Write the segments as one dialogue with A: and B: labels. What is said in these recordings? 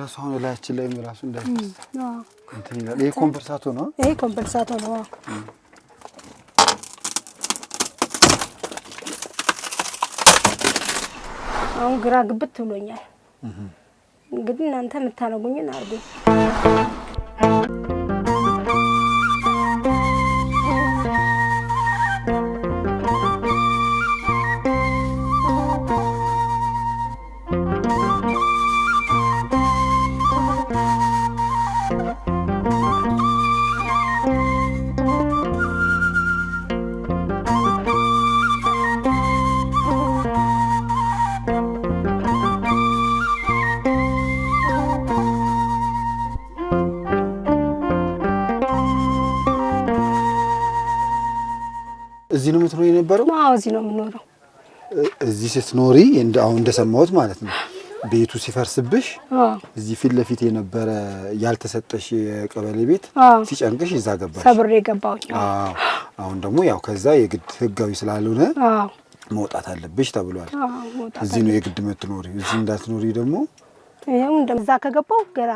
A: ራሱ አሁን ላያችን ላይ ራሱ እንዳይፈስ ይሄ ኮምፐርሳቶ ነው።
B: ይሄ ኮምፐርሳቶ ነው። አሁን ግራ ግብት ብሎኛል። እንግዲህ እናንተ የምታደርጉኝን አድርጉኝ።
A: እዚህ ነው የምትኖሪ የነበረው?
B: አዎ እዚህ ነው የምኖረው።
A: እዚህ ስትኖሪ አሁን እንደሰማሁት ማለት ነው ቤቱ ሲፈርስብሽ
B: እዚህ ፊት ለፊት የነበረ ያልተሰጠሽ የቀበሌ ቤት
A: ሲጨንቅሽ እዛ ገባሽ።
B: ሰብሬ ገባሁኝ።
A: አሁን ደግሞ ያው ከዛ የግድ ህጋዊ ስላልሆነ መውጣት አለብሽ ተብሏል። እዚህ ነው የግድ የምትኖሪ። እዚህ እንዳትኖሪ ደግሞ
B: እዛ ከገባሁ ገና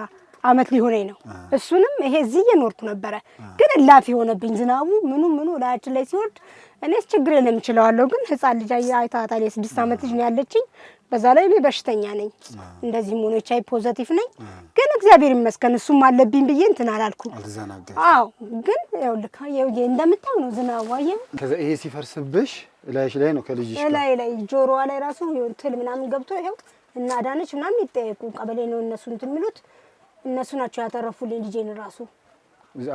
B: አመት ሊሆነኝ ነው። እሱንም ይሄ እዚህ እየኖርኩ ነበረ፣ ግን እላፊ የሆነብኝ ዝናቡ ምኑ ምኑ ላያችን ላይ ሲወርድ፣ እኔስ ችግር የለም እችለዋለሁ። ግን ህፃን ልጅ አይታታል፣ የስድስት ዓመት ልጅ ነው ያለችኝ። በዛ ላይ እኔ በሽተኛ ነኝ፣ እንደዚህም ሆኖ ኤች አይ ፖዘቲቭ ነኝ። ግን እግዚአብሔር ይመስገን እሱም አለብኝ ብዬ እንትን አላልኩ። አዎ፣ ግን ይኸውልህ እንደምታየው ነው ዝናቡ። አየኸው፣
A: ይሄ ሲፈርስብሽ እላይሽ ላይ ነው ከልጅሽ
B: ላይ ላይ ጆሮዋ ላይ ራሱ ትል ምናምን ገብቶ ይኸው እና ዳነች ምናምን ይጠየቁ ቀበሌ ነው እነሱ እንትን የሚሉት እነሱ ናቸው ያተረፉልኝ ልጄን ራሱ።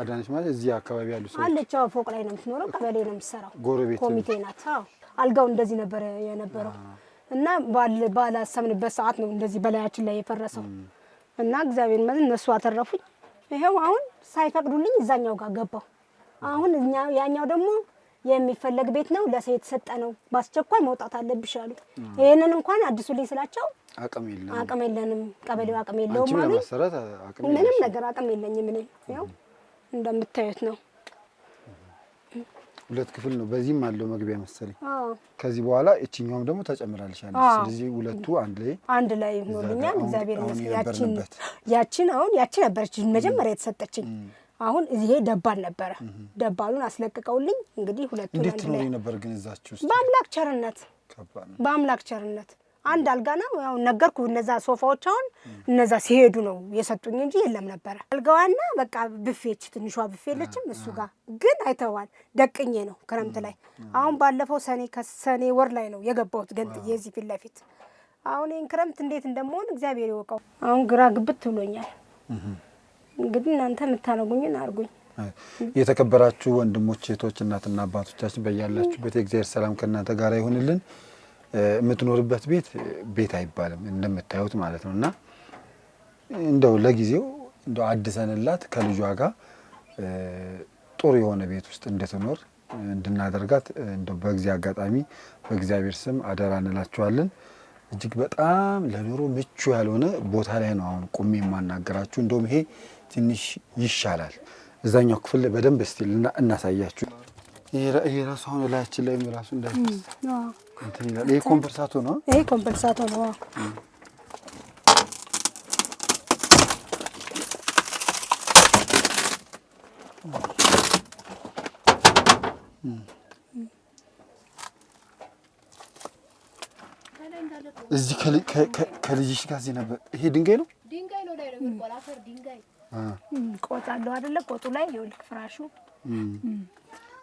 A: አዳነች ማለት እዚህ አካባቢ ያሉ ሰዎች
B: አለች። ፎቅ ላይ ነው የምትኖረው፣ ቀበሌ ነው የምትሰራው፣ ጎረቤት ኮሚቴ ናት። አልጋው እንደዚህ ነበር የነበረው እና ባላሰብንበት ሰዓት ነው እንደዚህ በላያችን ላይ የፈረሰው እና እግዚአብሔር ይመስገን እነሱ አተረፉኝ። ይኸው አሁን ሳይፈቅዱልኝ እዛኛው ጋር ገባው። አሁን ያኛው ደግሞ የሚፈለግ ቤት ነው፣ ለሰው የተሰጠ ነው፣ በአስቸኳይ መውጣት አለብሽ አሉ። ይህንን እንኳን አዲሱ ላይ ስላቸው አቅም የለንም አቅም የለንም ቀበሌው አቅም የለውም አሉ። ምንም ነገር አቅም የለኝም እኔ ያው እንደምታዩት ነው።
A: ሁለት ክፍል ነው። በዚህም አለው መግቢያ መሰለኝ። ከዚህ በኋላ እችኛውም ደግሞ ተጨምራልሽ ስለዚህ ሁለቱ አንድ ላይ
B: አንድ ላይ ሆኖልኛል። እግዚአብሔር ያቺን ያቺን አሁን ያቺ ነበረች መጀመሪያ የተሰጠችኝ አሁን ይሄ ደባል ነበረ። ደባሉን አስለቅቀውልኝ እንግዲህ ሁለቱ
A: እንዴት ትኖሪ ነበር ግን እዛችሁ?
B: በአምላክ ቸርነት በአምላክ ቸርነት አንድ አልጋ ነው ያው ነገርኩ። እነዛ ሶፋዎች አሁን እነዛ ሲሄዱ ነው የሰጡኝ እንጂ የለም ነበረ። አልጋዋና በቃ ብፌች ትንሿ ብፌ የለችም እሱ ጋር ግን አይተዋል። ደቅኜ ነው ክረምት ላይ አሁን ባለፈው ሰኔ ከሰኔ ወር ላይ ነው የገባሁት ገንጥዬ እዚህ ፊት ለፊት። አሁን ይህን ክረምት እንዴት እንደመሆን እግዚአብሔር ይወቀው። አሁን ግራ ግብት ብሎኛል። እንግዲህ እናንተ የምታደርጉኝን አድርጉኝ።
A: የተከበራችሁ ወንድሞች፣ ሴቶች እናትና አባቶቻችን በያላችሁበት የእግዚአብሔር ሰላም ከእናንተ ጋር ይሁንልን። የምትኖርበት ቤት ቤት አይባልም እንደምታዩት ማለት ነው እና እንደው ለጊዜው እንደው አድሰንላት ከልጇ ጋር ጥሩ የሆነ ቤት ውስጥ እንድትኖር እንድናደርጋት እንደው በጊዜ አጋጣሚ በእግዚአብሔር ስም አደራ እንላችኋለን። እጅግ በጣም ለኑሮ ምቹ ያልሆነ ቦታ ላይ ነው አሁን ቁሜ የማናገራችሁ። እንደውም ይሄ ትንሽ ይሻላል። እዛኛው ክፍል በደንብ ስቲል እናሳያችሁ። ይሄ ራሱ አሁን ላያችን ላይ ራሱ እንዳይፈስ ኮምፐርሳቶ ነው።
B: ይሄ ኮምፐርሳቶ ነው።
A: እዚህ ከልጅሽ ጋር እዚህ ነበር። ይሄ ድንጋይ ነው።
B: ድንጋይ ነው። ቆጥ አለው አይደለ? ቆጡ ላይ የውልክ ፍራሹ።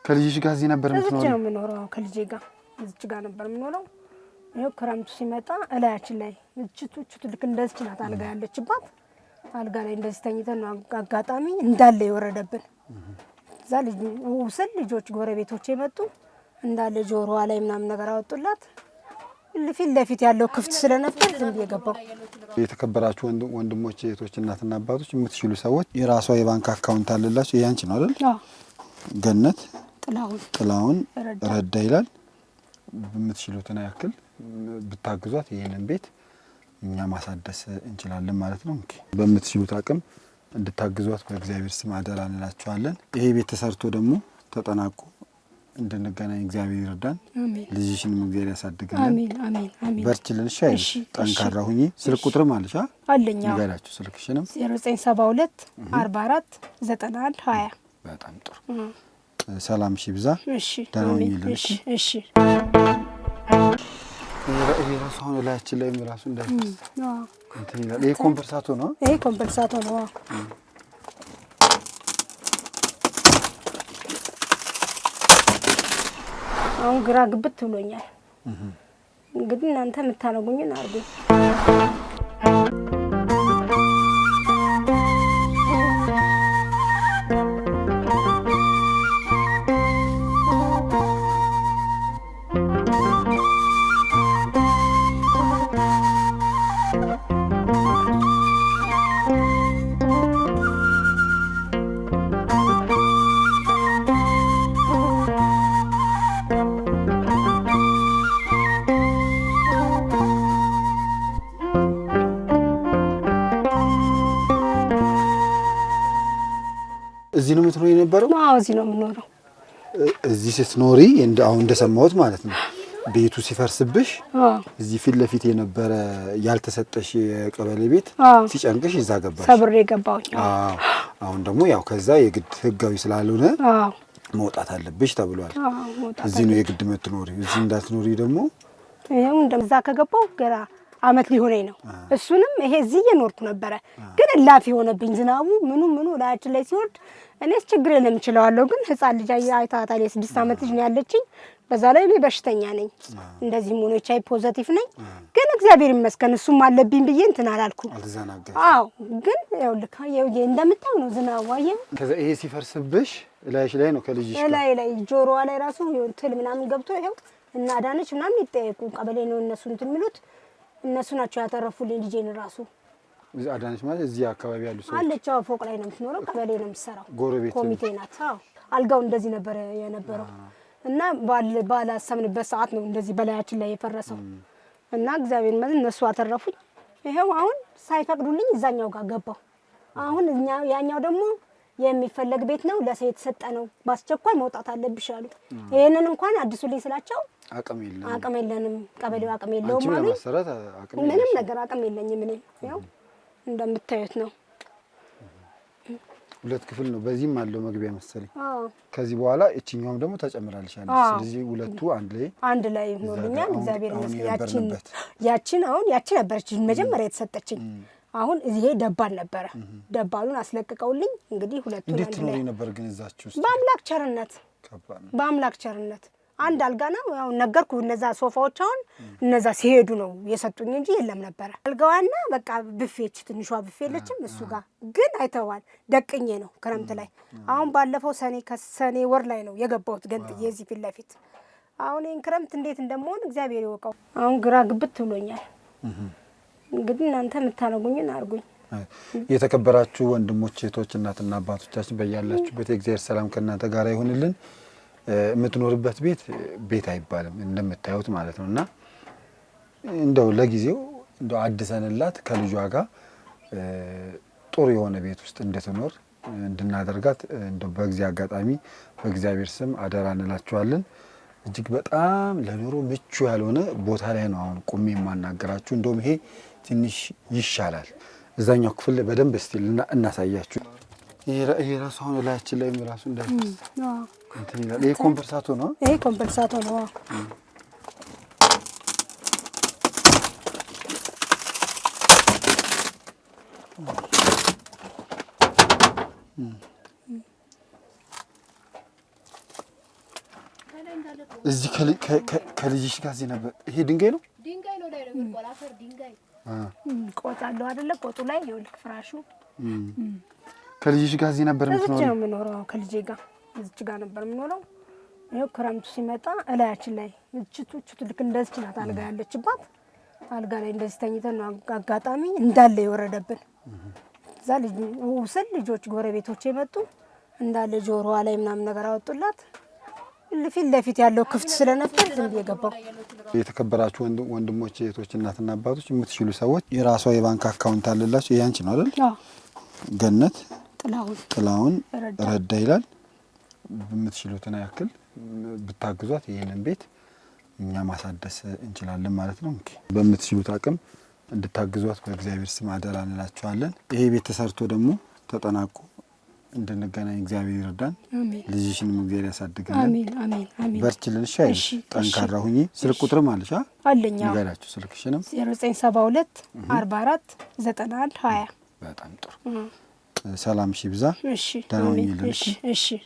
A: ከልጅሽ ጋር እዚህ ነበር
B: የምትኖረው? ነው የምኖረው ከልጄ ጋር እዚች ጋር ነበር የምኖረው። ይኸው ክረምቱ ሲመጣ እላያችን ላይ እችቱ እችቱ ልክ እንደዚች ናት አልጋ ያለችባት። አልጋ ላይ እንደዚህ ተኝተን አጋጣሚ እንዳለ የወረደብን እዛ ልጅ ውስን ልጆች ጎረቤቶች የመጡ እንዳለ ጆሮዋ ላይ ምናምን ነገር አወጡላት። ፊት ለፊት ያለው ክፍት ስለነበር ዝም ብዬ ገባሁ።
A: የተከበራችሁ ወንድሞች፣ እህቶች፣ እናትና አባቶች የምትችሉ ሰዎች የራሷ የባንክ አካውንት አለላቸው። ይሄ አንቺ ነው አይደል? ገነት ጥላሁን ረዳ ይላል። የምትችሉትን ያክል ብታግዟት ይህንን ቤት እኛ ማሳደስ እንችላለን ማለት ነው። በምትችሉት አቅም እንድታግዟት በእግዚአብሔር ስም አደራ እንላችኋለን። ይሄ ቤት ተሰርቶ ደግሞ ተጠናቆ እንድንገናኝ እግዚአብሔር ይርዳን። ልጅሽንም እግዚአብሔር
B: ያሳድግልን።
A: በርችልን። እሺ አይ ጠንካራ ሁኚ። ስልክ ቁጥርም አለሽ አለኛ ንገራችሁ ስልክሽንም
B: አራት ዘጠና አንድ ሀያ
A: በጣም ጥሩ። ሰላም ሺ ብዛ። ደህና ሁኚልን። እሺ ራሱ አሁን ላያችን ላይ ራሱ እንዳይስ ይሄ ኮምፐርሳቶ ነው።
B: ይሄ ኮምፐርሳቶ ነው። አሁን ግራ ግብት ብሎኛል። እንግዲህ እናንተ የምታደርጉኝን አድርጉኝ።
A: እዚህ ነው የምትኖሪ የነበረው?
B: አዎ እዚህ ነው የምኖረው።
A: እዚህ ስትኖሪ አሁን እንደሰማሁት ማለት ነው ቤቱ ሲፈርስብሽ እዚህ ፊት ለፊት የነበረ ያልተሰጠሽ የቀበሌ ቤት ሲጨንቅሽ እዛ ገባሽ።
B: ሰብሬ ገባሁኝ።
A: አሁን ደግሞ ያው ከዛ የግድ ህጋዊ ስላልሆነ መውጣት አለብሽ ተብሏል። እዚህ ነው የግድ የምትኖሪ። እዚህ እንዳትኖሪ ደግሞ
B: እዛ ከገባሁ ገና አመት ሊሆነኝ ነው። እሱንም ይሄ እዚህ እየኖርኩ ነበረ፣ ግን እላፊ የሆነብኝ ዝናቡ ምኑ ምኑ ላያችን ላይ ሲወርድ፣ እኔስ ችግር የለም እችለዋለሁ። ግን ህፃን ልጅ አይታታል፣ የስድስት ዓመት ልጅ ነው ያለችኝ። በዛ ላይ እኔ በሽተኛ ነኝ፣ እንደዚህ ሆኖ ኤች ፖዘቲቭ ነኝ። ግን እግዚአብሔር ይመስገን እሱም አለብኝ ብዬ እንትን አላልኩም። አዎ ግን ልካ እንደምታው ነው ዝናቡ። አየህ
A: ይሄ ሲፈርስብሽ እላይሽ ላይ ነው ከልጅሽ
B: ላይ ላይ ጆሮዋ ላይ ራሱ ትል ምናምን ገብቶ ይኸው እና ዳነች ምናምን ይጠየቁ ቀበሌ ነው እነሱ እንትን የሚሉት እነሱ ናቸው ያተረፉልኝ ልጄን ራሱ።
A: አዳነች ማለት እዚህ አካባቢ ያሉ ሰዎች
B: አለች። ፎቅ ላይ ነው የምትኖረው፣ ቀበሌ ነው የምትሰራው፣ ጎረቤት ኮሚቴ ናት። አልጋው እንደዚህ ነበር የነበረው እና ባላሰብንበት ሰዓት ነው እንደዚህ በላያችን ላይ የፈረሰው እና እግዚአብሔር ይመስገን እነሱ አተረፉኝ። ይኸው አሁን ሳይፈቅዱልኝ እዛኛው ጋር ገባው። አሁን ያኛው ደግሞ የሚፈለግ ቤት ነው፣ ለሰው የተሰጠ ነው፣ በአስቸኳይ መውጣት አለብሽ አሉ። ይህንን እንኳን አዲሱልኝ ስላቸው አቅም የለንም፣ ቀበሌው አቅም የለውም አሉ። ምንም ነገር አቅም የለኝም እኔ ያው እንደምታዩት ነው።
A: ሁለት ክፍል ነው። በዚህም አለው መግቢያ መሰለኝ። ከዚህ በኋላ እችኛውም ደግሞ ተጨምራልሻለች። ስለዚህ ሁለቱ አንድ ላይ
B: አንድ ላይ ሆኖልኛል።
A: እግዚአብሔር ይመስገን።
B: ያቺን አሁን ያቺ ነበረች መጀመሪያ የተሰጠችኝ አሁን ይሄ ደባል ነበረ። ደባሉን አስለቅቀውልኝ እንግዲህ ሁለቱ
A: እንዴት ትኖሪ ነበር ግን እዛች ውስጥ?
B: በአምላክ ቸርነት በአምላክ ቸርነት አንድ አልጋ ነው ያው ነገርኩ። እነዛ ሶፋዎች አሁን እነዛ ሲሄዱ ነው የሰጡኝ እንጂ የለም ነበረ። አልጋዋና በቃ ብፌች ትንሿ ብፌ የለችም እሱ ጋር ግን አይተዋል። ደቅኜ ነው ክረምት ላይ አሁን ባለፈው ሰኔ ከሰኔ ወር ላይ ነው የገባሁት ገንጥዬ እዚህ ፊት ለፊት። አሁን ይህን ክረምት እንዴት እንደመሆን እግዚአብሔር ይወቀው። አሁን ግራ ግብት ትብሎኛል። እንግዲህ እናንተ የምታደርጉኝን አድርጉኝ።
A: የተከበራችሁ ወንድሞች፣ እህቶች፣ እናትና አባቶቻችን በያላችሁበት የእግዚአብሔር ሰላም ከእናንተ ጋር ይሁንልን። የምትኖርበት ቤት ቤት አይባልም እንደምታዩት ማለት ነው እና እንደው ለጊዜው እንደ አድሰንላት ከልጇ ጋር ጥሩ የሆነ ቤት ውስጥ እንድትኖር እንድናደርጋት እንደ በጊዜ አጋጣሚ በእግዚአብሔር ስም አደራ እንላችኋለን። እጅግ በጣም ለኑሮ ምቹ ያልሆነ ቦታ ላይ ነው አሁን ቁሜ የማናገራችሁ። እንደውም ይሄ ትንሽ ይሻላል። እዛኛው ክፍል በደንብ እስቲ እናሳያችሁ። ይሄ ራሱ አሁን ላያችን ላይ ራሱ እንዳይ ይሄ ኮምፐርሳቶ ነው።
B: ይሄ ኮምፐርሳቶ ነው።
A: እዚህ ከልጅሽ ጋር እዚህ ነበር። ይሄ ድንጋይ ነው።
B: ድንጋይ ነው። ቆጥ አለው አይደለ? ቆጡ ላይ ይኸውልህ ፍራሹ።
A: ከልጅሽ ጋር እዚህ ነበር
B: የምትኖረው? እዚህ ነው የምኖረው። ከልጄ ጋር እዚች ጋር ነበር የምኖረው። ይኸው ክረምቱ ሲመጣ እላያችን ላይ እችቱ እችቱ ልክ እንደዚች ናት አልጋ ያለችባት። አልጋ ላይ እንደዚህ ተኝተን አጋጣሚ እንዳለ የወረደብን እዛ ልጅ ውስን ልጆች ጎረቤቶች የመጡ እንዳለ ጆሮዋ ላይ ምናምን ነገር አወጡላት። ፊት ለፊት ያለው ክፍት ስለነበር ዝም ብዬ ገባሁ።
A: የተከበራችሁ ወንድሞች፣ እህቶች፣ እናትና አባቶች የምትችሉ ሰዎች የራሷ የባንክ አካውንት አለላቸው። ይህ አንቺ ነው አይደል? ገነት ጥላሁን ረዳ ይላል። የምትችሉትን ያክል ብታግዟት ይህንን ቤት እኛ ማሳደስ እንችላለን ማለት ነው። በምትችሉት አቅም እንድታግዟት በእግዚአብሔር ስም አደራ እንላችኋለን። ይሄ ቤት ተሰርቶ ደግሞ ተጠናቆ እንድንገናኝ እግዚአብሔር ይርዳን። ልጅሽንም እግዚአብሔር
B: ያሳድግልን።
A: በርችልን። እሺ፣ ጠንካራ ሁኚ። ስልክ ቁጥርም አለሽ አለኝ። ንገራችሁ ስልክሽንም
B: 0972 44 91 ሀያ
A: በጣም ጥሩ። ሰላም ሺ ብዛ። ደህና ሁኚልን። እሺ